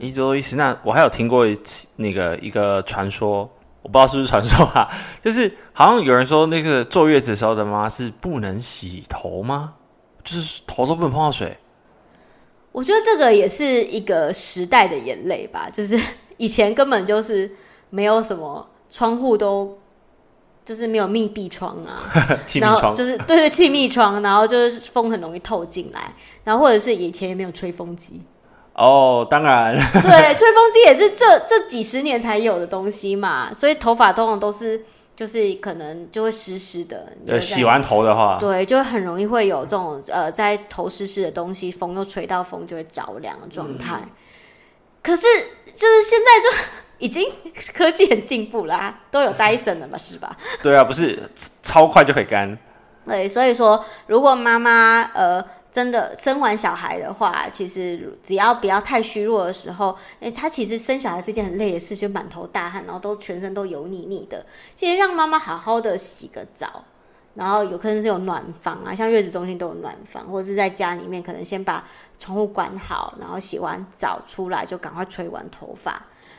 一周一十，那我還有聽過一那個一個傳說，我不知道是不是傳說哈、啊，就是好像有人說那個坐月子的時候的媽媽是不能洗頭嗎？就是頭都不能碰到水？我覺得這個也是一個時代的眼淚吧，就是以前根本就是沒有什麼窗戶都。就是沒有密閉窗啊，然後就是對、 就是、對，氣密窗，然後就是風很容易透進來，然後或者是以前也沒有吹風機。哦，當然。 對，吹風機也是這這幾十年才有的東西嘛，所以頭髮通常都是就是可能就會濕濕的。對，洗完頭的話，對，就很容易會有這種呃，在頭濕濕的東西，風又吹到，風就會着涼的狀態、嗯。可是，就是現在這。已經科技很進步啦、啊，都有 Dyson 了嘛，是吧？對啊，不是超快就可以乾。 對，所以說，如果媽媽呃真的生完小孩的話，其實只要不要太虛弱的時候，哎、欸，她其實生小孩是一件很累的事，就滿頭大汗，然後都全身都油膩膩的。其實讓媽媽好好的洗個澡，然後有可能是有暖房啊，像月子中心都有暖房，或者是在家裡面可能先把窗戶關好，然後洗完澡出來就趕快吹完頭髮。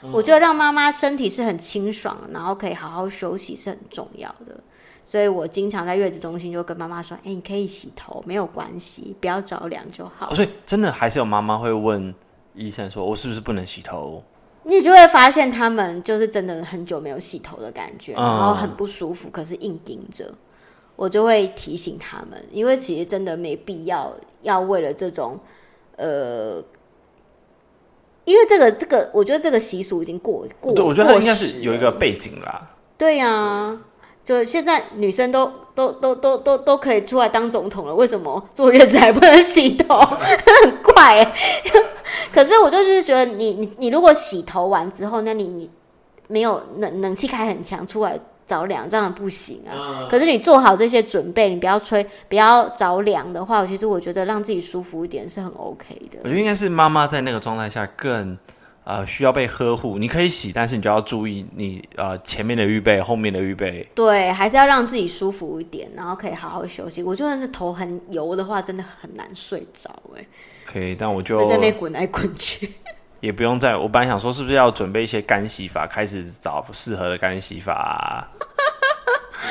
我覺得讓媽媽身體是很清爽，然後可以好好休息是很重要的，所以我經常在月子中心就跟媽媽說：“哎、欸，你可以洗頭，沒有關係，不要着涼就好。哦”所以真的還是有媽媽會問醫生說：“我是不是不能洗頭？”你就會發現他們就是真的很久沒有洗頭的感覺，嗯、然後很不舒服，可是硬頂着。我就會提醒他們，因為其實真的沒必要要為了這種呃。因為這個這個，我覺得這個習俗已經過過。對，我覺得他應該是有一個背景啦。過時了。對呀、啊，就現在女生都都都都都都可以出來當總統了，為什麼坐月子還不能洗頭？ 很怪、欸。 可是我就是覺得你，你你你如果洗頭完之後，那你你沒有冷冷氣開很強出來。着涼這樣不行啊、嗯！可是你做好這些準備，你不要吹，不要着涼的話，其實我覺得讓自己舒服一點是很 OK 的。我覺得應該是媽媽在那個狀態下更、呃、需要被呵護。你可以洗，但是你就要注意你、呃、前面的預備，後面的預備。對，還是要讓自己舒服一點，然後可以好好休息。我就算是頭很油的話，真的很難睡着哎、欸。可以，但我就我在那邊滾來滾去。 也不用再，我本來想說是不是要準備一些乾洗髮，開始找適合的乾洗髮，啊。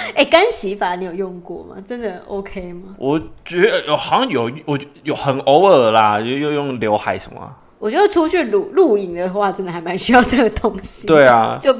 哎、 欸，乾洗髮你有用過嗎？真的 OK 嗎？我覺得有，好像有，我有很偶爾啦，又用用劉海什麼，啊。我覺得出去露露營的話，真的還蠻需要這個東西。對啊，就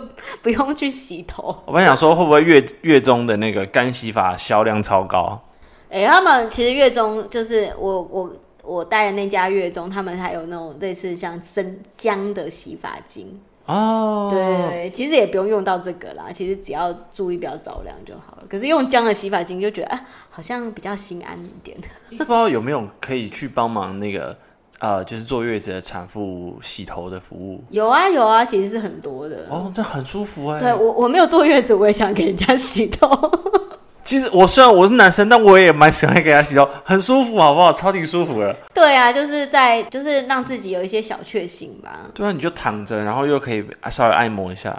不用去洗頭。我本想說，會不會月月中的那個乾洗髮銷量超高？哎、欸，他們其實月中就是我我。我待的那家月中，他們還有那種類似像生薑的洗髮精哦，對，對，對，其實也不用用到這個啦，其實只要注意不要着涼就好了。可是用薑的洗髮精就覺得啊，好像比較心安一點。不知道有沒有可以去幫忙那個啊、呃，就是坐月子的產婦洗頭的服務？有啊有啊，其實是很多的哦，這很舒服哎、欸。對我我沒有坐月子，我也想給人家洗頭。其實我雖然我是男生，但我也蠻喜歡給他洗澡，很舒服，好不好？超挺舒服的。對啊，就是在就是讓自己有一些小確幸吧。對啊，你就躺着，然後又可以稍微按摩一下。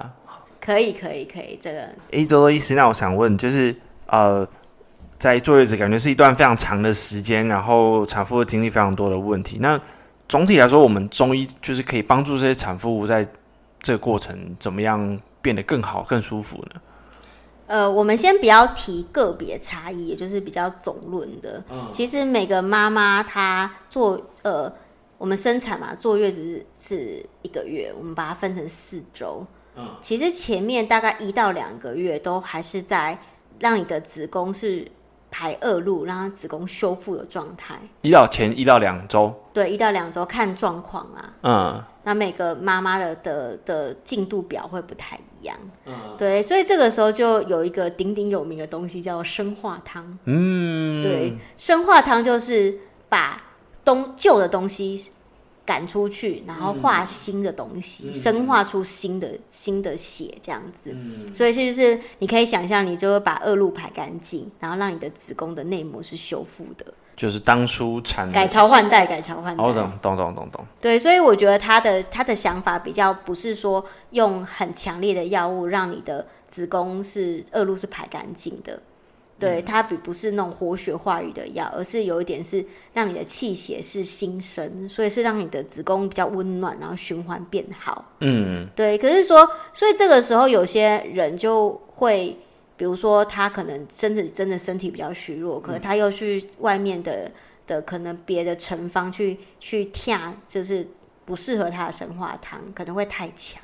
可以，可以，可以，這個。哎、欸，多多醫師，那我想問，就是呃，在坐月子感覺是一段非常長的時間，然後產婦會經歷非常多的問題。那總體來說，我們中醫就是可以幫助這些產婦，在這個過程怎麼樣變得更好、更舒服呢？呃，我們先不要提個別差異，也就是比較總論的。嗯，其實每個媽媽她坐呃，我們生產嘛，坐月子是一個月，我們把它分成四周。嗯，其實前面大概一到兩個月都還是在讓你的子宮是排惡露，讓它子宮修復的狀態。一到前一到兩周，對，一到兩周看狀況啊。嗯。那每個媽媽的的的進度表會不太一樣，嗯，對，所以這個時候就有一個鼎鼎有名的東西叫生化湯，嗯，對，生化湯就是把東舊的東西趕出去，然後化新的東西，嗯，生化出新的新的血這樣子，嗯，所以是不是你可以想象，你就會把惡露排乾淨，然後讓你的子宮的內膜是修復的。就是當初產改朝換代，改朝換代，懂懂懂懂。對，所以我覺得他的他的想法比較不是說用很強烈的藥物讓你的子宮是惡露是排乾淨的，對，嗯、它比不是那種活血化瘀的藥，而是有一點是讓你的氣血是新生，所以是讓你的子宮比較溫暖，然後循環變好。嗯，對。可是說，所以這個時候有些人就會。比如說，他可能真的真的身體比較虛弱，可是他又去外面的的可能別的成方去去調，就是不適合他的生化湯，可能會太強，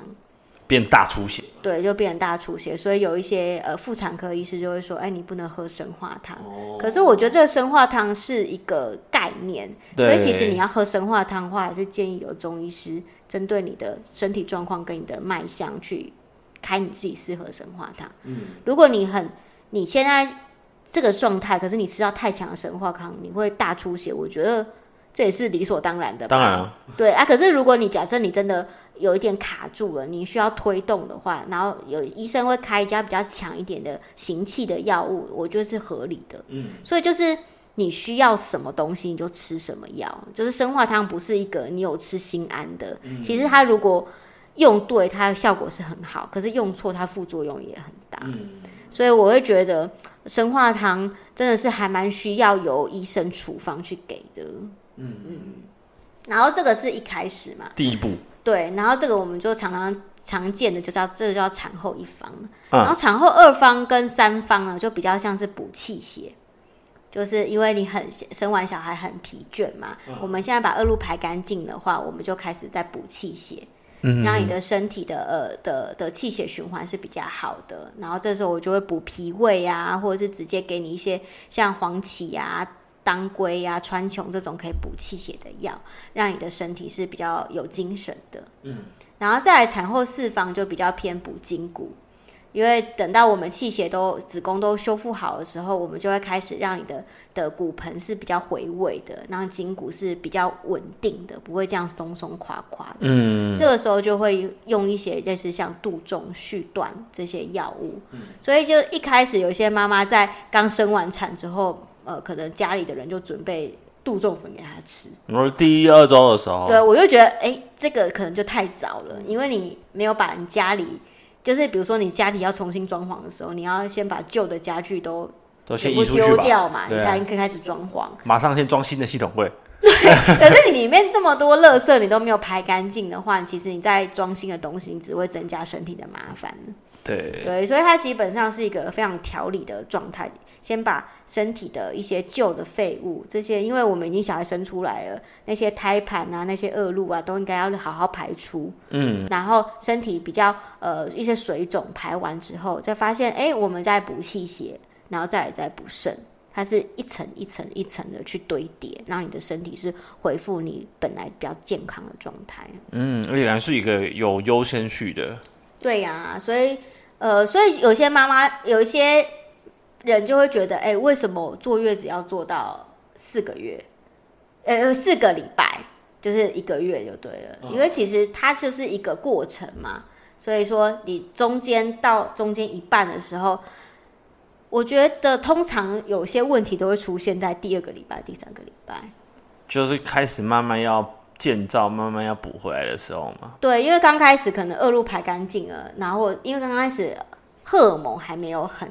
變大出血。對，就變成大出血。所以有一些呃婦產科醫師就會說，哎、欸，你不能喝生化湯。哦。可是我覺得這個生化湯是一個概念。對，所以其實你要喝生化湯的話，還是建議由中醫師針對你的身體狀況跟你的脈象去，開你自己適合的生化湯。嗯，如果你很你現在這個狀態，可是你吃到太強的生化湯，你會大出血。我覺得這也是理所當然的。當然啊，對啊。可是如果你假設你真的有一點卡住了，你需要推動的話，然後有醫生會開一家比較強一點的行氣的藥物，我覺得是合理的。嗯，所以就是你需要什麼東西你就吃什麼藥，就是生化湯不是一個你有吃心安的。嗯嗯。其實它如果。用對它的效果是很好，可是用錯它副作用也很大。嗯、所以我會覺得生化湯真的是還蠻需要由醫生處方去給的。嗯嗯。然後這個是一開始嘛，第一步。對，然後這個我們就常常常見的就叫這個、叫產後一方、嗯，然後產後二方跟三方呢就比較像是補氣血，就是因為你很生完小孩很疲倦嘛。嗯、我們現在把惡露排乾淨的話，我們就開始在補氣血。嗯嗯嗯，讓你的身體的呃的的氣血循環是比較好的，然後這時候我就會補脾胃啊，或者是直接給你一些像黃芪啊、當歸啊、川芎這種可以補氣血的藥，讓你的身體是比較有精神的。嗯，然後再來產後四方就比較偏補筋骨。因為等到我們氣血都子宮都修復好的時候，我們就會開始讓你的的骨盆是比較回位的，然後筋骨是比較穩定的，不會這樣鬆鬆垮垮的。嗯，這個時候就會用一些類似像杜仲續斷這些藥物。嗯，所以就一開始有些媽媽在剛生完產之後，呃，可能家裡的人就準備杜仲粉給她吃。你說第一二周的時候，對，我就覺得，哎，這個可能就太早了，因為你沒有把你家裡。就是比如說，你家裡要重新裝潢的時候，你要先把舊的家具都全部都先移丟掉嘛，你才可以開始裝潢、啊。馬上先裝新的系統會 對，可是你裡面這麼多垃圾，你都沒有排乾淨的話，其實你在裝新的東西，你只會增加身體的麻煩。對對，所以它基本上是一個非常調理的狀態。先把身體的一些舊的廢物，這些因為我們已經小孩生出來了，那些胎盤啊，那些惡露啊，都應該要好好排出。嗯，然後身體比較呃一些水腫排完之後，再發現哎、欸、我們在補氣血，然後再來再補腎，它是一層一層一層的去堆疊，讓你的身體是恢復你本來比較健康的狀態。嗯，而且還是一個有優先序的。對呀、啊，所以呃，所以有些媽媽有一些。人就會覺得，哎、欸，為什麼坐月子要做到四個月？呃、欸，四個禮拜就是一個月就對了，因為其實它就是一個過程嘛。嗯、所以說，你中間到中間一半的時候，我覺得通常有些問題都會出現在第二個禮拜、第三個禮拜，就是開始慢慢要建造、慢慢要補回來的時候嘛。對，因為剛開始可能惡露排乾淨了，然後因為剛開始荷爾蒙還沒有很。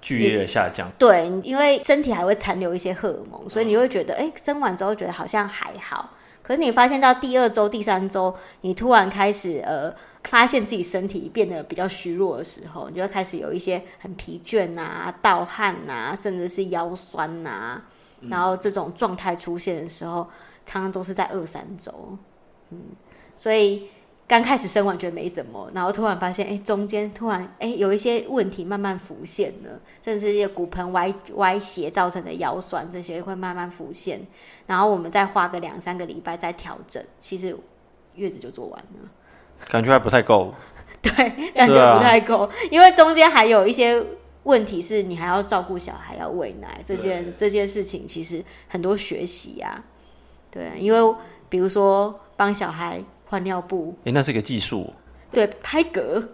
劇烈的下降、嗯，對，因為身體還會殘留一些荷爾蒙，所以你會覺得，哎、嗯，生完之後覺得好像還好。可是你發現到第二週、第三週，你突然開始呃，發現自己身體變得比較虛弱的時候，你就會開始有一些很疲倦啊、盜汗啊，甚至是腰痠啊、嗯。然後這種狀態出現的時候，常常都是在二三週。嗯，所以。剛開始生完覺得沒什麼，然後突然發現，哎，中間突然哎有一些問題慢慢浮現了，甚至一些骨盆歪歪斜造成的腰酸這些會慢慢浮現，然後我們再花個兩三個禮拜再調整，其實月子就做完了。感覺還不太夠， 對，感覺不太夠，啊，因為中間還有一些問題是你還要照顧小孩，要餵奶，這件這件事情其實很多學習呀，啊，對，啊，因為比如說幫小孩。換尿布、欸，那是個技術。對，拍嗝、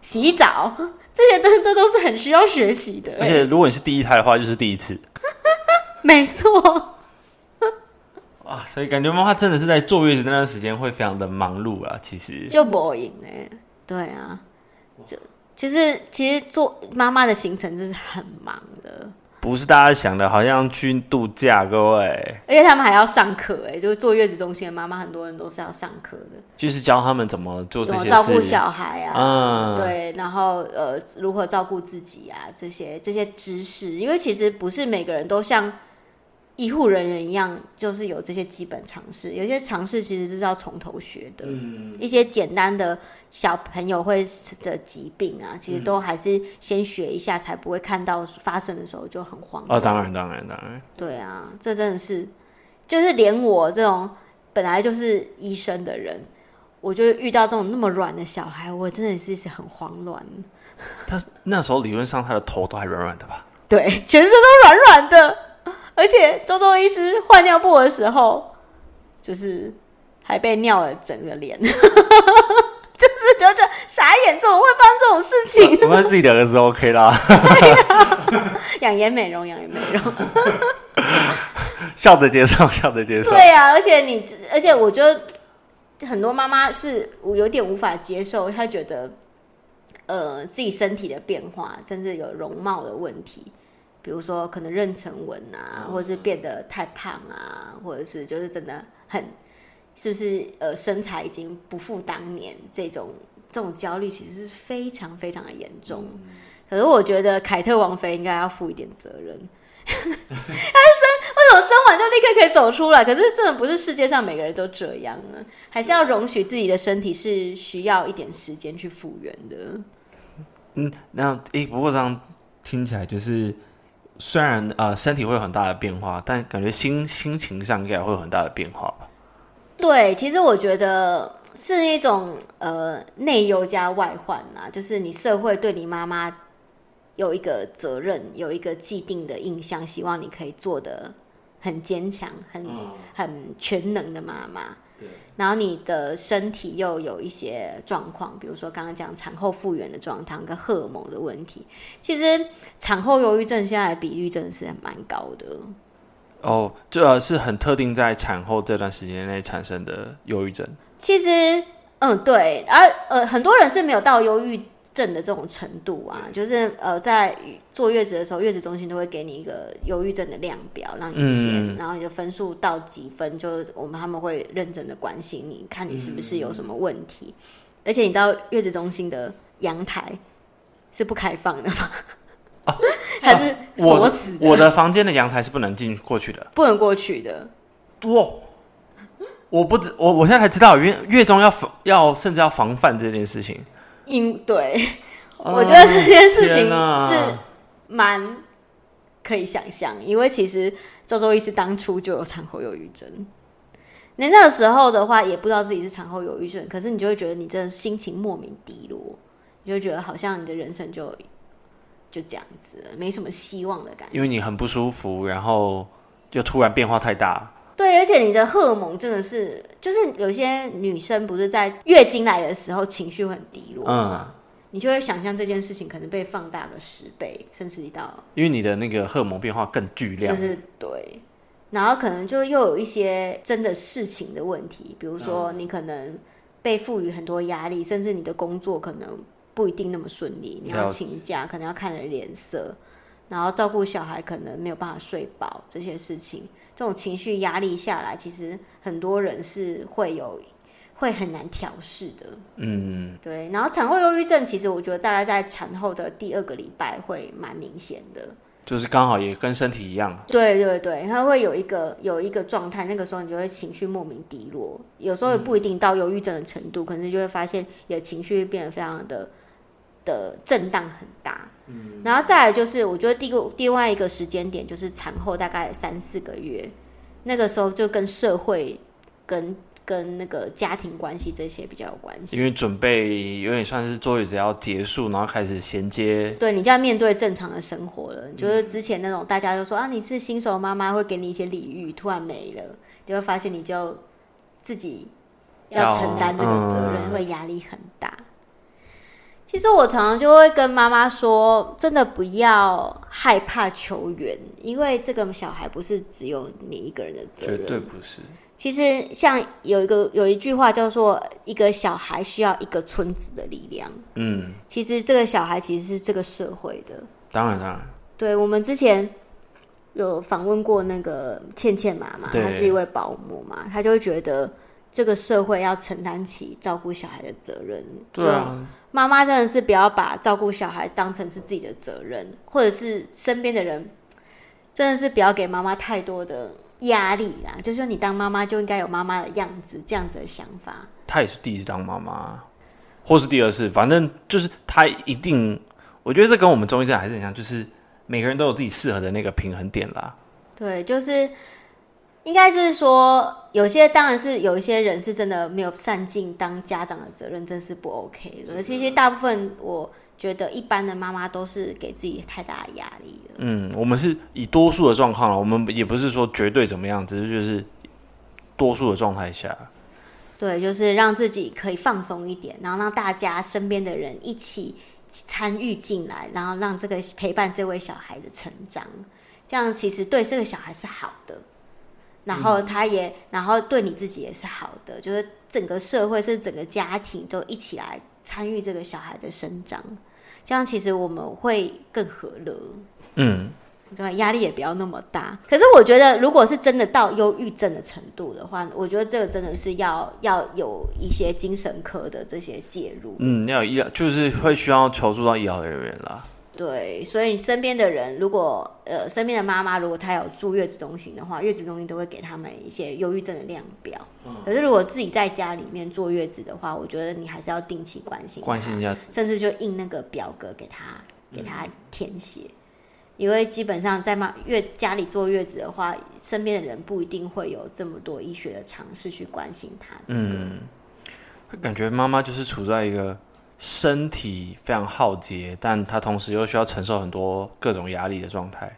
洗澡，嗯、這些都這些都是很需要學習的。而且，如果你是第一胎的話，就是第一次， 沒錯錯 啊。所以感覺媽媽真的是在坐月子那段時間會非常的忙碌啊。其實就很忙耶哎，對啊，就其實其實做媽媽的行程就是很忙的。不是大家想的，好像去度假，各位。而且他們還要上課，誒，就是坐月子中心的媽媽，很多人都是要上課的，就是教他們怎麼做這些事情，怎麼照顧小孩啊，啊，對，然後呃，如何照顧自己啊，這些這些知識，因為其實不是每個人都像。醫護人員一樣，就是有這些基本常識。有些常識其實是要從頭學的，嗯。一些簡單的小朋友會的疾病啊，嗯，其實都還是先學一下，才不會看到發生的時候就很慌。啊，哦，當然，當然，當然，對啊，這真的是，就是連我這種本來就是醫生的人，我就遇到這種那麼軟的小孩，我真的是很慌亂。他那時候理論上他的頭都還軟軟的吧？對，全身都軟軟的。而且周周醫師換尿布的時候，就是還被尿了整個臉， 就是覺得傻眼，怎麼會發生這種事情？我們自己兩個 OK 啦，養 顏 美容，養顏美容，笑着接受，笑着接受。對啊，而且你，而且我覺得很多媽媽是有點無法接受，她覺得呃自己身體的變化，甚至有容貌的問題。比如說，可能妊娠紋啊，或者是變得太胖啊、嗯，或者是就是真的很是不是呃，身材已經不復當年，這種這種焦慮其實是非常非常的嚴重、嗯。可是我覺得凱特王妃應該要負一點責任，她、嗯、 生為什麼生完就立刻可以走出來？可是真的不是世界上每個人都這樣啊，還是要容許自己的身體是需要一點時間去復原的。嗯，那誒，不、欸、過這樣聽起來就是。雖然啊、呃，身體會有很大的變化，但感覺心心情上應該會有很大的變化吧？對，其實我覺得是一種呃內憂加外患啊，就是你社會對你媽媽有一個責任，有一個既定的印象，希望你可以做得很堅強、很、嗯、很全能的媽媽。然後你的身體又有一些狀況，比如說剛剛講產後復原的狀況跟荷爾蒙的問題，其實產後憂鬱症現在的比率真的是蠻高的。哦，這、呃、是很特定在產後這段時間內產生的憂鬱症。其實，嗯，對，而呃，呃，很多人是沒有到憂鬱症的這種程度啊，就是呃，在坐月子的時候，月子中心都會給你一個憂鬱症的量表，讓你填、嗯，然後你的分數到幾分，就我們他們會認真的關心你，看你是不是有什麼問題。嗯、而且你知道月子中心的陽台是不開放的嗎？啊、 還是鎖死、啊我？我的房間的陽台是不能進過去的，不能過去的。哇！我不知我我現在才知道，因為月中要防，要甚至要防範這件事情。應對、哦，我覺得這件事情是蠻可以想象啊，因為其實周周醫師當初就有產後憂鬱症，那那時候的話也不知道自己是產後憂鬱症，可是你就會覺得你真的心情莫名低落，你就覺得好像你的人生就就這樣子，沒什麼希望的感覺，因為你很不舒服，然後又突然變化太大。對，而且你的荷爾蒙真的是，就是有些女生不是在月經來的時候情緒很低落，啊，嗯，你就會想象這件事情可能被放大個十倍，甚至到因為你的那個荷爾蒙變化更劇烈，就是，是對，然後可能就又有一些真的事情的問題，比如說你可能被賦予很多壓力，甚至你的工作可能不一定那麼順利，你要請假可能要看人臉色，然後照顧小孩可能沒有辦法睡飽這些事情。這種情緒壓力下來，其實很多人是會有，會很難調適的。嗯，對。然後產後憂鬱症，其實我覺得大概在產後的第二個禮拜會蠻明顯的，就是剛好也跟身體一樣。對對對，他會有一個有一個狀態，那個時候你就會情緒莫名低落，有時候也不一定到憂鬱症的程度，嗯、可能你就會發現你的情緒變得非常的。的震盪很大，嗯，然後再來就是，我覺得第個、另外一個時間點就是產後大概三四個月，那個時候就跟社會、跟跟那個家庭關係這些比較有關係。因為準備有點算是坐月子要結束，然後開始銜接。對，你就要面對正常的生活了。嗯、就是之前那種大家就說啊，你是新手媽媽會給你一些禮遇，突然沒了，就會發現你就自己要承擔這個責任，嗯、會壓力很大。其實我常常就會跟媽媽說，真的不要害怕求援，因為這個小孩不是只有你一個人的責任，絕對不是。其實像有一個有一句話叫做“一個小孩需要一個村子的力量”，嗯，其實這個小孩其實是這個社會的，當然當然，對，我們之前有訪問過那個倩倩媽媽，她是一位保姆嘛，她就會覺得這個社會要承擔起照顧小孩的責任，對啊。媽媽真的是不要把照顧小孩當成是自己的責任，或者是身邊的人，真的是不要給媽媽太多的壓力啦。就是說你當媽媽就應該有媽媽的樣子，這樣子的想法。她也是第一次當媽媽，或是第二次，反正就是她一定。我覺得這跟我們中醫師還是很像，就是每個人都有自己適合的那個平衡點啦。對，就是。應該是說，有些當然是有一些人是真的沒有善盡當家長的責任，真是不 OK 的是。其實大部分我覺得一般的媽媽都是給自己太大的壓力了。嗯，我們是以多數的狀況了，我們也不是說絕對怎麼樣，只是就是多數的狀態下。對，就是讓自己可以放鬆一點，然後讓大家身邊的人一起參與進來，然後讓這個陪伴這位小孩的成長，這樣其實對這個小孩是好的。然後他也、嗯，然後對你自己也是好的，就是整個社會是整個家庭都一起來參與這個小孩的生長，這樣其實我們會更和樂，嗯，對吧？壓力也不要那麼大。可是我覺得，如果是真的到憂鬱症的程度的話，我覺得這個真的是要要有一些精神科的這些介入。嗯，你有醫療醫就是會需要求助到醫療人員啦。對，所以你身邊的人，如果呃身邊的媽媽，如果她有住月子中心的話，月子中心都會給他們一些憂鬱症的量表、嗯。可是如果自己在家裡面坐月子的話，我覺得你還是要定期關心關心一下，甚至就印那個表格給他給他填寫，因、嗯、為基本上在媽月家裡坐月子的話，身邊的人不一定會有這麼多醫學的嘗試去關心她、這個。嗯，感覺媽媽就是處在一個。身體非常耗竭，但她同時又需要承受很多各種壓力的狀態。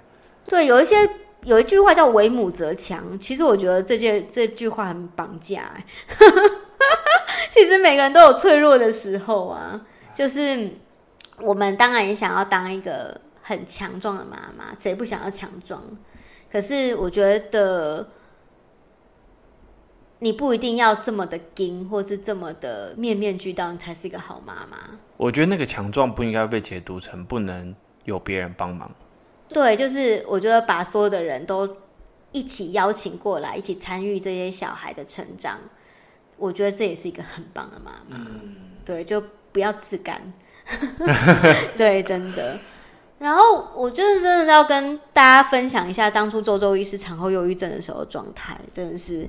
對，有一些有一句話叫“為母則強”，其實我覺得這句這句話很綁架。 其實每個人都有脆弱的時候啊，就是我們當然也想要當一個很強壯的媽媽，誰不想要強壯？可是我覺得。你不一定要這麼的硬，或是這麼的面面俱到，你才是一個好媽媽。我覺得那個強壯不應該被解讀成不能有別人幫忙。對，就是我覺得把所有的人都一起邀請過來，一起參與這些小孩的成長，我覺得這也是一個很棒的媽媽。嗯。對，就不要自幹， 對，真的。然後，我就是真的要跟大家分享一下，當初周周醫師產後憂鬱症的時候狀態，真的是。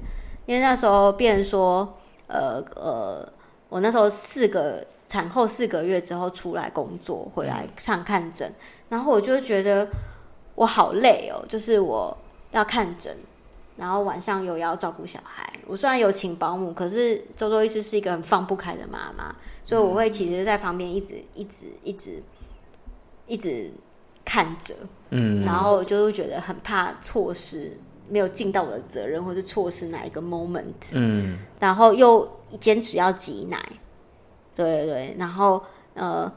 因為那時候變成說，呃呃，我那時候四個產後四個月之後出來工作，回來上看診，嗯，然後我就覺得我好累哦，就是我要看診，然後晚上又要照顧小孩。我雖然有請保姆，可是周周醫師是一個很放不開的媽媽，所以我會其實，在旁邊一直一直一直一直看着，嗯，然後我就是覺得很怕錯失，沒有盡到我的責任，或是錯失哪一個 moment，嗯、然後又堅持要擠奶，對對，然後呃，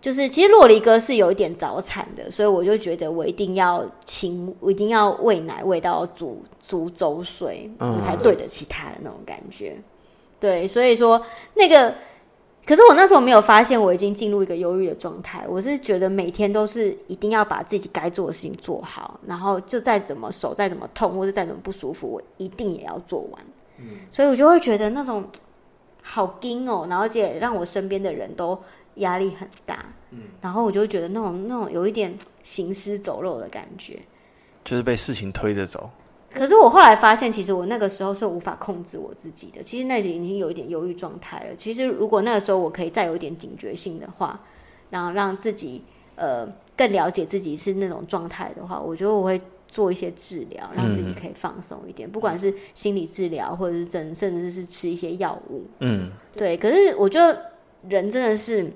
就是其實洛黎哥是有一點早產的，所以我就覺得我一定要勤，我一定要餵奶餵到足足週歲，我才對得起他的那種感覺，哦、對，所以說那個。可是我那時候沒有發現我已經進入一個憂鬱的狀態，我是覺得每天都是一定要把自己該做的事情做好，然後就再怎麼手再怎麼痛，或者再怎麼不舒服，我一定也要做完。嗯，所以我就會覺得那種好緊哦，然後而且讓我身邊的人都壓力很大。嗯，然後我就覺得那種那種有一點行屍走肉的感覺，就是被事情推着走。可是我後來發現，其實我那個時候是無法控制我自己的。其實那已經有一點憂鬱狀態了。其實如果那個時候我可以再有一點警覺性的話，然後讓自己呃更了解自己是那種狀態的話，我覺得我會做一些治療，讓自己可以放鬆一點，嗯。不管是心理治療，或者是針，甚至是吃一些藥物。嗯，對。可是我覺得人真的是，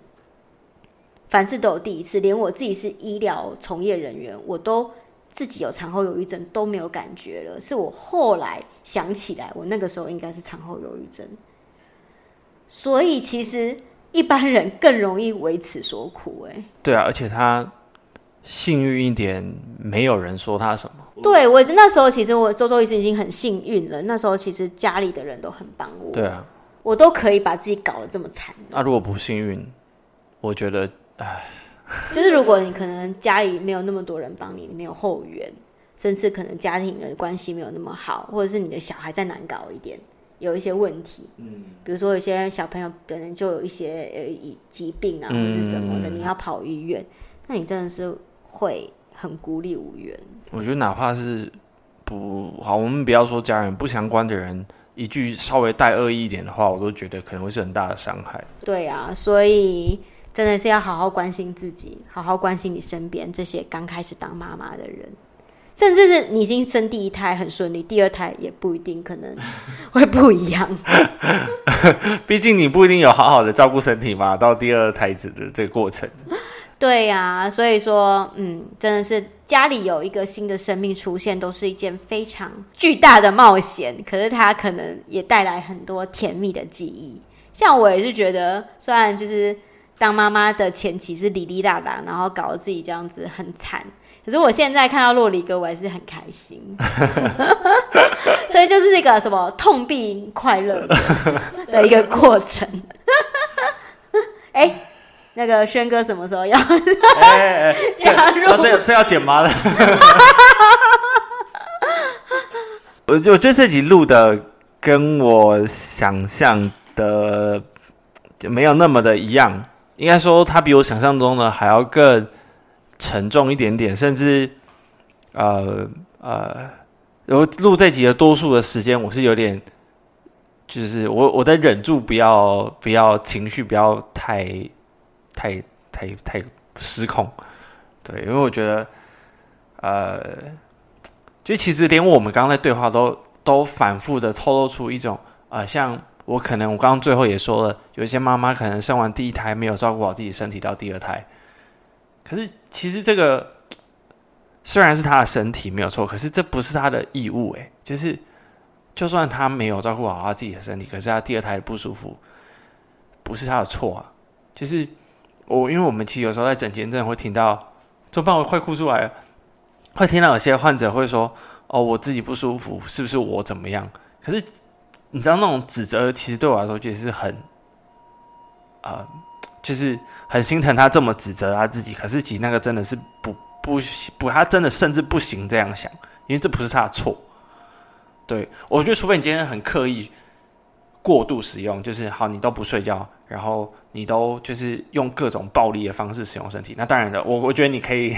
凡事都有第一次。連我自己是醫療從業人員，我都。自己有產後憂鬱症都沒有感覺了，是我後來想起來，我那個時候應該是產後憂鬱症。所以其實一般人更容易為此所苦，欸，哎。對啊，而且他幸運一點，沒有人說他什麼。對，我那時候其實我周周醫生已經很幸運了，那時候其實家裡的人都很幫我。對啊，我都可以把自己搞得這麼慘。那、啊，如果不幸運，我覺得哎。 就是如果你可能家裡沒有那麼多人幫你，你沒有後援，甚至可能家庭的關係沒有那麼好，或者是你的小孩再難搞一點，有一些問題，嗯，比如說有些小朋友可能就有一些呃疾病啊或者什麼的，嗯，你要跑醫院，那你真的是會很孤立無援。我覺得哪怕是不好，我們不要說家人不相關的人，一句稍微帶惡意一點的話，我都覺得可能會是很大的傷害。對啊，所以。真的是要好好關心自己，好好關心你身邊這些剛開始當媽媽的人，甚至是你已經生第一胎很順利，第二胎也不一定，可能會不一樣。 畢竟你不一定有好好的照顧身體嘛，到第二胎子的這個過程。對呀、啊，所以說，嗯，真的是家裡有一個新的生命出現，都是一件非常巨大的冒險。可是它可能也帶來很多甜蜜的記憶。像我也是覺得，雖然就是。當媽媽的前期是滴滴答答，然後搞得自己這樣子很慘。可是，我現在看到洛里哥，我還是很開心。 所以就是那個什麼痛並快樂的，的一個過程。哎、 欸，那個軒哥什麼時候要欸欸欸 加入、啊？這這要剪麻的。 我就覺得自己錄的跟我想象的就沒有那麼的一樣。應該說，他比我想象中的還要更沉重一點點，甚至，呃呃，有錄這集的多數的時間，我是有點，就是我我在忍住不，不要不要情緒，不要太太太太失控，對，因為我覺得，呃，就其實連我們剛才對話都都反覆的透露出一種呃像。我可能我剛剛最後也說了，有一些媽媽可能生完第一胎沒有照顧好自己身體到第二胎，可是其實這個雖然是她的身體沒有錯，可是這不是她的義務誒、欸。就是就算她沒有照顧好她自己的身體，可是她第二胎不舒服，不是她的錯啊。就是我、哦、因為我們其實有時候在診間診會聽到，這半我會哭出來，會聽到有些患者會說：“哦，我自己不舒服，是不是我怎麼樣？”可是。你知道那種指責，其實對我來說，就是很，呃，就是很心疼他這麼指責他自己。可是，其實那個真的是不不不，他真的甚至不行這樣想，因為這不是他的錯。對我覺得，除非你今天很刻意過度使用，就是好，你都不睡覺，然後你都就是用各種暴力的方式使用身體。那當然的，我我覺得你可以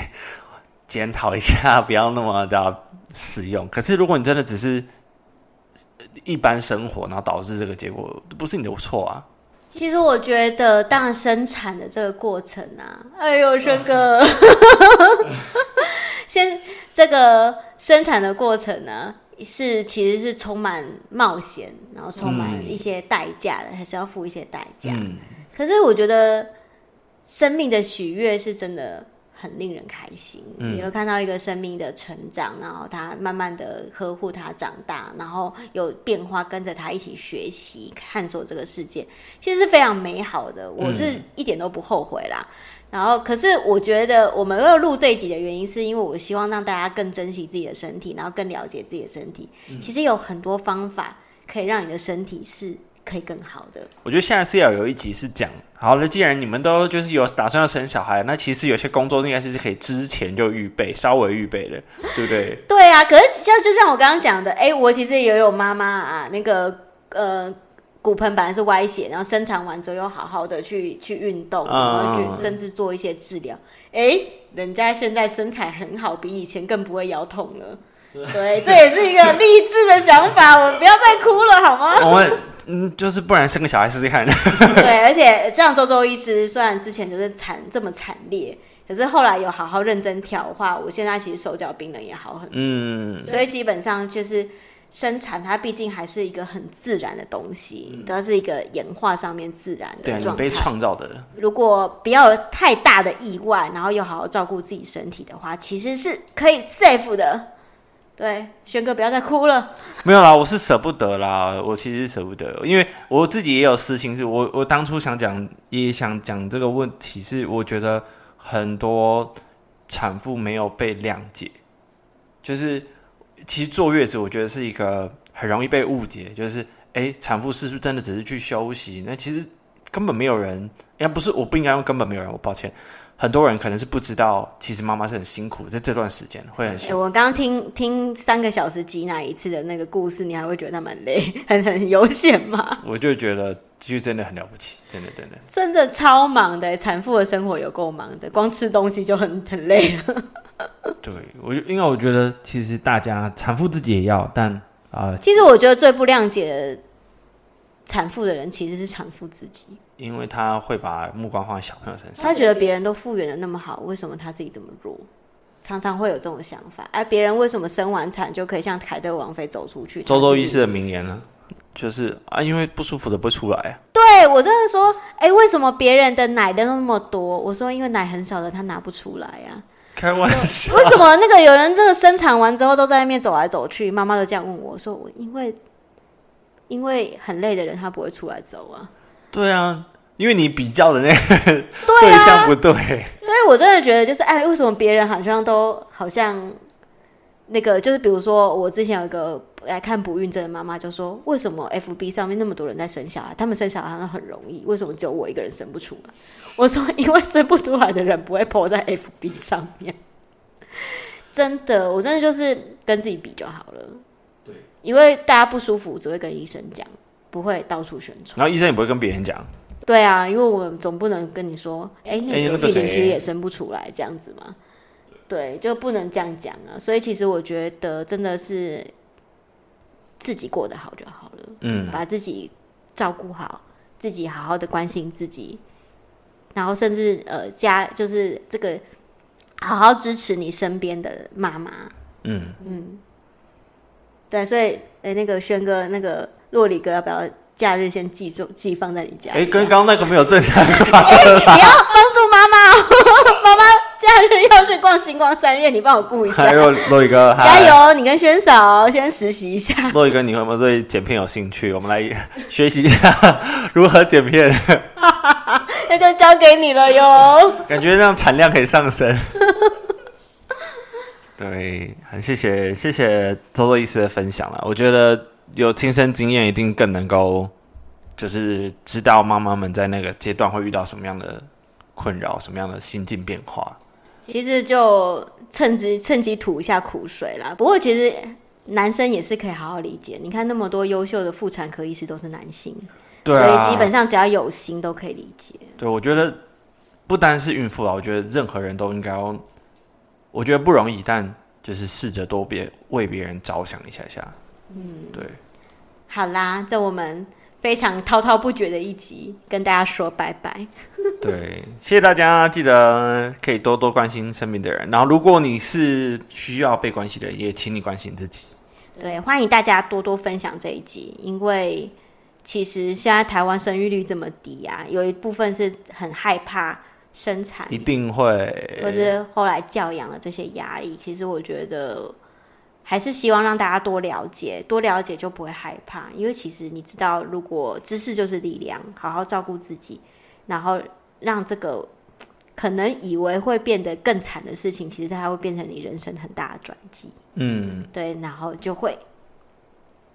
檢討一下，不要那麼的使用。可是，如果你真的只是……一般生活，然後導致這個結果，不是你的錯啊。其實我覺得，當然生產的這個過程啊，哎呦，軒哥， 先這個生產的過程呢，啊，是其實是充滿冒險，然後充滿一些代價的，嗯，還是要付一些代價，嗯。可是我覺得生命的喜悅是真的。很令人開心，你會看到一個生命的成長，然後他慢慢的呵護他長大，然後有變化，跟着他一起學習探索這個世界，其實是非常美好的。我是一點都不後悔啦。嗯。然後，可是我覺得我們要錄這一集的原因，是因為我希望讓大家更珍惜自己的身體，然後更了解自己的身體。其實有很多方法可以讓你的身體是。可以更好的，我覺得下次要有一集是講，好了，既然你們都就是有打算要生小孩，那其實有些工作應該是可以之前就預備，稍微預備的，對不對？ 對啊，可是像就像我剛剛講的，哎、欸，我其實也有媽媽啊，那個呃骨盆本來是歪斜，然後生產完之後，又好好的去去運動、嗯，然後去甚至做一些治療，哎、欸，人家現在身材很好，比以前更不會腰痛了。 對，這也是一個勵志的想法。 我們不要再哭了好嗎？ 我們嗯，就是不然生個小孩試試看。 對，而且這樣周周醫師，雖然之前就是慘這麼慘烈，可是後來有好好認真調話，我現在其實手腳冰冷，也好很多。嗯，所以基本上就是生產，它畢竟還是一個很自然的東西，嗯、都是一個演化上面自然的狀態。對你被創造的，如果不要有太大的意外，然後又好好照顧自己身體的話，其實是可以 safe 的。對，宣哥，不要再哭了。沒有啦，我是舍不得啦，我其實舍不得，因為我自己也有私心，是我我當初想講也想講這個問題是，是我覺得很多產婦沒有被諒解，就是其實坐月子，我覺得是一個很容易被誤解，就是哎，產婦是不是真的只是去休息？那其實根本沒有人，哎，不是我不應該用根本沒有人，我抱歉。很多人可能是不知道，其實媽媽是很辛苦，在這段時間會很辛苦，欸。我剛剛聽聽三個小時擠奶一次的那個故事，你還會覺得他們很累、很很悠閒嗎？我就覺得其實真的很了不起，真的真的，真的超忙的，產婦的生活有夠忙的，光吃東西就很很累了。對我，因為我覺得其實大家產婦自己也要，但啊、呃，其實我覺得最不諒解的。產婦的人其實是產婦自己，因為他會把目光放在小朋友身上。他覺得別人都復原得那麼好，為什麼他自己這麼弱？常常會有這種想法。哎、啊，別人為什麼生完產就可以像凱特王妃走出去？周周醫師的名言呢，就是啊，因為不舒服的不出來啊。對我真的說，哎、欸，為什麼別人的奶都那麼多？我說因為奶很少的，他拿不出來呀、啊。開玩笑，為什麼那個有人真的生產完之後都在外面走來走去？媽媽都這樣問我，我說我因為。因為很累的人，他不會出來走啊。對啊，因為你比較的那個對象不對。對啊。所以我真的覺得，就是哎，為什麼別人好像都好像那個，就是比如說，我之前有一個來看不孕症的媽媽，就說，為什麼 FB 上面那麼多人在生小孩，他們生小孩好像很容易，為什麼只有我一個人生不出來？我說，因為生不出來的人不會 po 在 FB 上面。真的，我真的就是跟自己比就好了。因為大家不舒服，只會跟醫生講，不會到處宣傳。然後醫生也不會跟別人講。對啊，因為我們總不能跟你說，哎、欸，那個鄰、欸那個、居也生不出來這樣子嘛。」對，就不能這樣講啊。所以其實我覺得，真的是自己過得好就好了。嗯，把自己照顧好，自己好好的關心自己，然後甚至呃，家就是這個，好好支持你身邊的媽媽。嗯嗯。所以，哎、欸，那個軒哥，那個洛里哥，要不要假日先寄住，寄放在你家？哎、欸，剛剛那個沒有正相關，欸。你要幫助媽媽，媽 媽假日要去逛星光三月，你幫我顧一下。洛、哎、洛里哥、哎，加油！你跟軒嫂先實習一下。洛里哥，你會不會對剪片有興趣？我們來學習一下如何剪片。 那就交給你了喲。感覺讓產量可以上升。對，很謝謝謝謝周周醫師的分享了。我覺得有親身經驗，一定更能夠就是知道媽媽們在那個階段會遇到什麼樣的困擾，什麼樣的心境變化。其實就趁機趁機吐一下苦水啦。不過其實男生也是可以好好理解。你看那麼多優秀的婦產科醫師都是男性，對啊，所以基本上只要有心都可以理解。對，我覺得不單是孕婦了，啊，我覺得任何人都應該要。我覺得不容易，但就是試着多別為別人着想一下一下。嗯，對。好啦，在我們非常滔滔不絕的一集，跟大家說拜拜。 對，謝謝大家，記得可以多多關心身邊的人。然後，如果你是需要被關心的人，也請你關心自己。對，歡迎大家多多分享這一集，因為其實現在台灣生育率這麼低啊，有一部分是很害怕。生產一定會，或是後來教養了這些壓力，其實我覺得還是希望讓大家多了解，多了解就不會害怕。因為其實你知道，如果知識就是力量，好好照顧自己，然後讓這個可能以為會變得更慘的事情，其實它會變成你人生很大的轉機。嗯，對，然後就會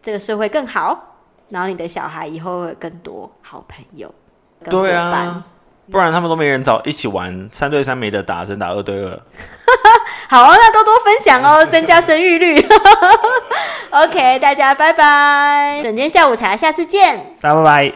這個社會更好，然後你的小孩以後會更多好朋友，對啊。不然他們都沒人找一起玩，三對三沒得打，只能打二對二。 好啊，那多多分享哦， 增加生育率。 OK，大家拜拜，診間下午茶，下次見。拜拜。